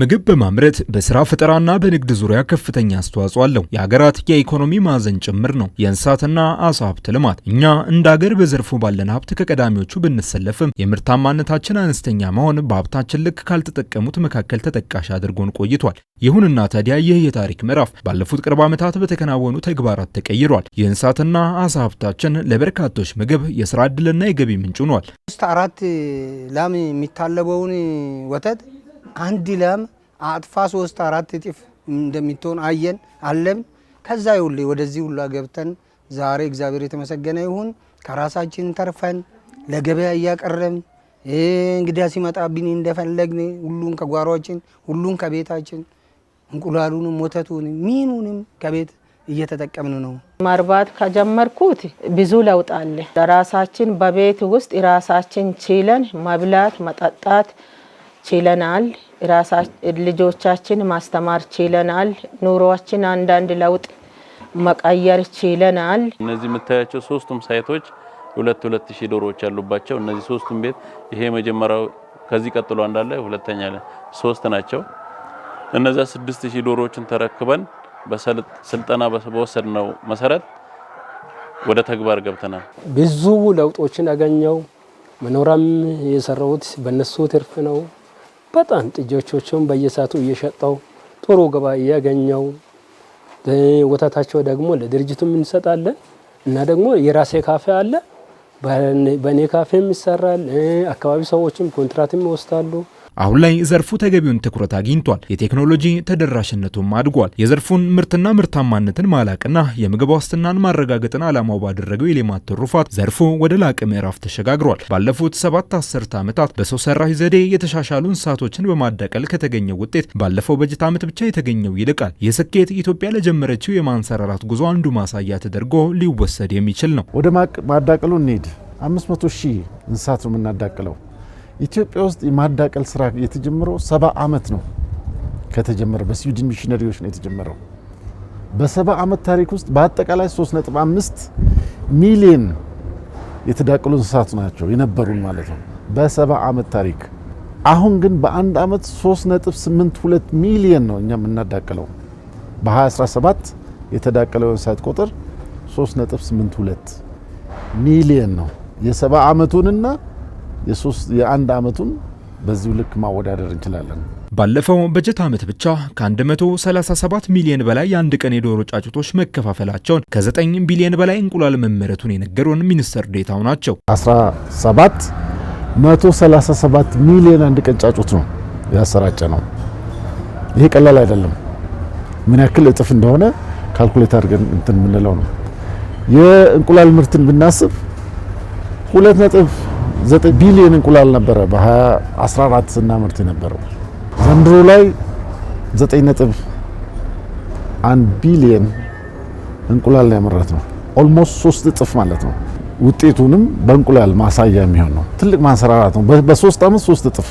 ምግብ በማምረት በስራ ፈጠራና በንግድ ዙሪያ ከፍተኛ አስተዋጽኦ አለው። የሀገራት የኢኮኖሚ ማዕዘን ጭምር ነው። የእንስሳትና አሳ ሀብት ልማት እኛ እንደ ሀገር በዘርፉ ባለን ሀብት ከቀዳሚዎቹ ብንሰለፍም የምርታማነታችን አነስተኛ መሆን በሀብታችን ልክ ካልተጠቀሙት መካከል ተጠቃሽ አድርጎን ቆይቷል። ይሁንና ታዲያ ይህ የታሪክ ምዕራፍ ባለፉት ቅርብ ዓመታት በተከናወኑ ተግባራት ተቀይሯል። የእንስሳትና አሳ ሀብታችን ለበርካቶች ምግብ፣ የስራ ዕድልና የገቢ ምንጭ ሆኗል። ሶስት አራት ላም የሚታለበውን ወተት አንድ ላም አጥፋ ሶስት አራት እጥፍ እንደሚትሆን አየን አለም። ከዛ ይውል ወደዚህ ሁላ ገብተን ዛሬ እግዚአብሔር የተመሰገነ ይሁን ከራሳችን ተርፈን ለገበያ እያቀረብን እንግዲያ ሲመጣብን እንደፈለግን ሁሉን ከጓሯችን ሁሉን ከቤታችን እንቁላሉንም ወተቱንም ሚኑንም ከቤት እየተጠቀምን ነው። ማርባት ከጀመርኩት ብዙ ለውጥ አለ። ለራሳችን በቤት ውስጥ ራሳችን ችለን መብላት መጠጣት ችለናል። ልጆቻችን ማስተማር ችለናል። ኑሯችን አንዳንድ ለውጥ መቀየር ችለናል። እነዚህ የምታያቸው ሶስቱም ሳይቶች ሁለት ሁለት ሺህ ዶሮዎች ያሉባቸው እነዚህ ሶስቱም ቤት ይሄ መጀመሪያው ከዚህ ቀጥሎ አንዳለ ሁለተኛ ሶስት ናቸው። እነዚያ ስድስት ሺህ ዶሮዎችን ተረክበን በስልጠና በወሰድነው መሰረት ወደ ተግባር ገብተናል። ብዙ ለውጦችን አገኘው። መኖራም የሰራሁት በነሱ ትርፍ ነው። በጣም ጥጆቾቹን በየሰዓቱ እየሸጠው ጥሩ ገባ እያገኘው ወተታቸው ደግሞ ለድርጅቱም እንሰጣለን እና ደግሞ የራሴ ካፌ አለ። በእኔ ካፌም ይሰራል። አካባቢ ሰዎችም ኮንትራትም ይወስዳሉ። አሁን ላይ ዘርፉ ተገቢውን ትኩረት አግኝቷል። የቴክኖሎጂ ተደራሽነቱም አድጓል። የዘርፉን ምርትና ምርታማነትን ማላቅና የምግብ ዋስትናን ማረጋገጥን ዓላማው ባደረገው የሌማት ትሩፋት ዘርፉ ወደ ላቀ ምዕራፍ ተሸጋግሯል። ባለፉት ሰባት አስርተ ዓመታት በሰው ሰራሽ ዘዴ የተሻሻሉ እንስሳቶችን በማዳቀል ከተገኘው ውጤት ባለፈው በጀት ዓመት ብቻ የተገኘው ይልቃል። ይህ ስኬት ኢትዮጵያ ለጀመረችው የማንሰራራት ጉዞ አንዱ ማሳያ ተደርጎ ሊወሰድ የሚችል ነው። ወደ ማዳቀሉ እንሂድ። አምስት መቶ ሺህ እንስሳት ነው የምናዳቅለው። ኢትዮጵያ ውስጥ የማዳቀል ስራ የተጀመረው ሰባ ዓመት ነው ከተጀመረ በስዊድን ሚሽነሪዎች ነው የተጀመረው። በሰባ ዓመት ታሪክ ውስጥ በአጠቃላይ 3.5 ሚሊዮን የተዳቀሉ እንስሳት ናቸው የነበሩን ማለት ነው በሰባ ዓመት ታሪክ። አሁን ግን በአንድ ዓመት 3.82 ሚሊዮን ነው እኛ የምናዳቅለው። በ2017 የተዳቀለው እንስሳት ቁጥር 3.82 ሚሊዮን ነው የሰባ ዓመቱንና የአንድ አመቱን በዚሁ ልክ ማወዳደር እንችላለን። ባለፈው በጀት ዓመት ብቻ ከ137 ሚሊዮን በላይ የአንድ ቀን የዶሮ ጫጩቶች መከፋፈላቸውን ከ9 ቢሊዮን በላይ እንቁላል መመረቱን የነገሩን ሚኒስትር ዴታው ናቸው። 17 137 ሚሊዮን አንድ ቀን ጫጩት ነው ያሰራጨ ነው። ይሄ ቀላል አይደለም። ምን ያክል እጥፍ እንደሆነ ካልኩሌት አድርገን እንትን የምንለው ነው። የእንቁላል ምርትን ብናስብ ሁለት ነጥብ 9 ቢሊዮን እንቁላል ነበረ በ2014 ስናመርት የነበረው ዘንድሮ ላይ 9.1 ቢሊዮን እንቁላል ያመረት ነው። ኦልሞስት ሶስት እጥፍ ማለት ነው። ውጤቱንም በእንቁላል ማሳያ የሚሆን ነው። ትልቅ ማንሰራራት ነው። በሶስት ዓመት ሶስት እጥፍ